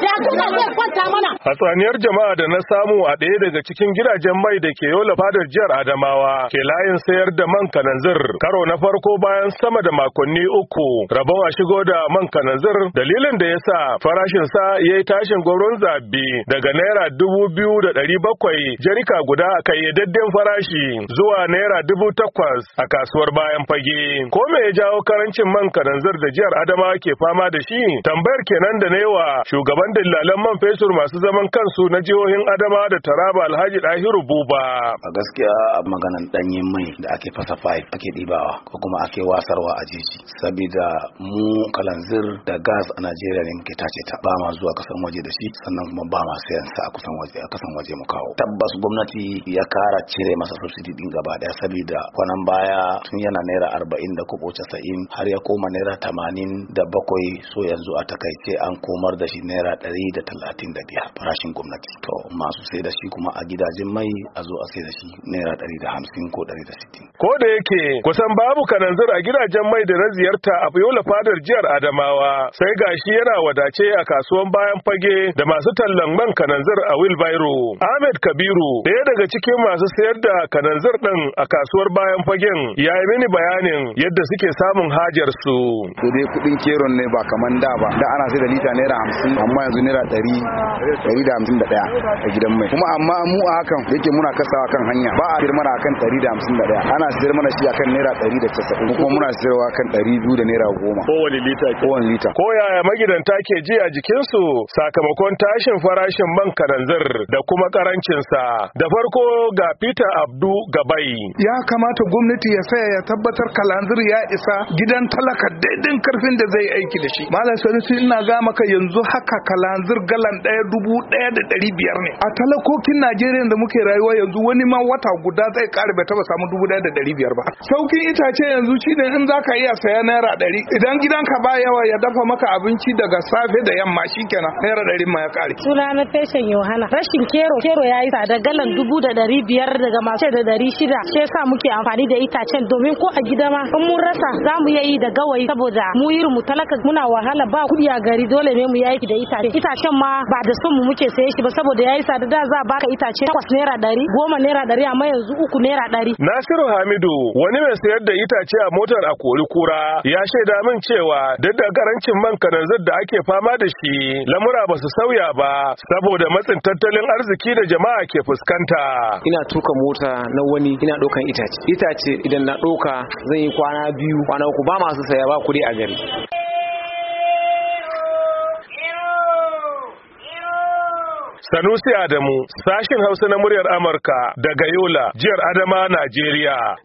da kuka zai kwanta mana hatsaniyar jama'a da na samu a ɗaya daga cikin gidajen mai da ke yola fadar jihar Adamawa ke layin sayar da man kananzir karo na farko bayan sama da makonni uku rabawa shigo da man kananzir dalilin da ya sa farashin sa ya yi tashin gwaron zabi daga naira dubu biyu da ɗari bakwai jarika guda a kayyadadden farashi zuwa naira dubu takwas a kasuwar bayan fage ko me ya jawo karancin man kananzir da jihar Adamawa ke fama da shi tambayar kenan da na yi wa shugaban dillalan man fetur masu zama zaman kansu na jihohin Adama da Taraba Alhaji Dahiru Buba. A gaskiya a maganan danyen mai da ake fasa pipe ake ɗibawa ko kuma ake wasarwa a jiji saboda mu kalanzir da gas a Najeriya ne muke tace ta ba ma zuwa kasan waje da shi sannan kuma ba ma sayan sa a kusan waje a kasan waje mu kawo. Tabbas gwamnati ya kara cire masa subsidy din gaba daya saboda kwanan baya tun yana naira arba'in da kobo casa'in har ya koma naira tamanin da bakwai so yanzu a takaice an komar da shi naira ɗari da talatin da biyar. farashin gwamnati to masu sai da shi kuma a gidajen mai a zo a sai da shi naira ɗari da hamsin ko ɗari da sittin. ko da yake kusan babu kananzir a gidajen mai da na ziyarta a yola fadar jihar adamawa sai gashi yana wadace a kasuwan bayan fage da masu tallan man kananzir a wilbairo ahmed kabiru ɗaya daga cikin masu sayar da kananzir ɗin a kasuwar bayan fagen ya yi mini bayanin yadda suke samun hajar su. to dai kuɗin keron ne ba kaman da ba da ana sai da lita naira hamsin amma yanzu naira ɗari 151 a gidan mai kuma amma mu a hakan yake muna kasawa kan hanya ba a mana kan 151 ana sayar mana shi akan naira 190 kuma muna sayarwa kan 200 da naira 10 kowane lita kowane lita ko yaya magidanta ke ji a jikinsu sakamakon tashin farashin man kananzir da kuma karancinsa da farko ga Peter Abdu Gabai ya kamata gwamnati ya saya ya tabbatar kalanzir ya isa gidan talaka daidin karfin da zai aiki da shi malam sanusi ina ga maka yanzu haka kalanzir galan ɗaya dubu ɗaya da ɗari biyar ne a talakokin najeriya da muke rayuwa yanzu wani ma wata guda zai kare bai taɓa samu dubu ɗaya da ɗari biyar ba saukin itace yanzu shine in za ka iya saya naira ɗari idan gidanka ba yawa ya dafa maka abinci daga safe da yamma kenan naira ɗari ma ya ƙare. suna na fashin yohana rashin kero kero ya yi tsada galan dubu da ɗari biyar daga masu da ɗari shida shi yasa muke amfani da itacen domin ko a gida ma in mun rasa za mu iya yi da gawayi saboda mu yi mu talaka muna wahala ba kuɗi a gari dole ne mu yi aiki da itace. itacen ma ba da son mu muke saye shi ba saboda yayi sada da za a baka itace takwas naira ɗari goma naira ɗari amma yanzu uku naira ɗari. Nasiru Hamidu wani mai sayar da itace a motar a kori kura ya shaida min cewa duk da karancin man kananzir da ake fama da shi lamura ba su sauya ba saboda matsin tattalin arziki da jama'a ke fuskanta. Ina tuka mota na wani ina ɗaukan itace. Itace idan na ɗauka zan yi kwana biyu kwana uku ba masu saya ba kuɗi a gari. Sanusi Adamu, sashin Hausa na muryar Amurka daga Yola, jihar Adama, Najeriya.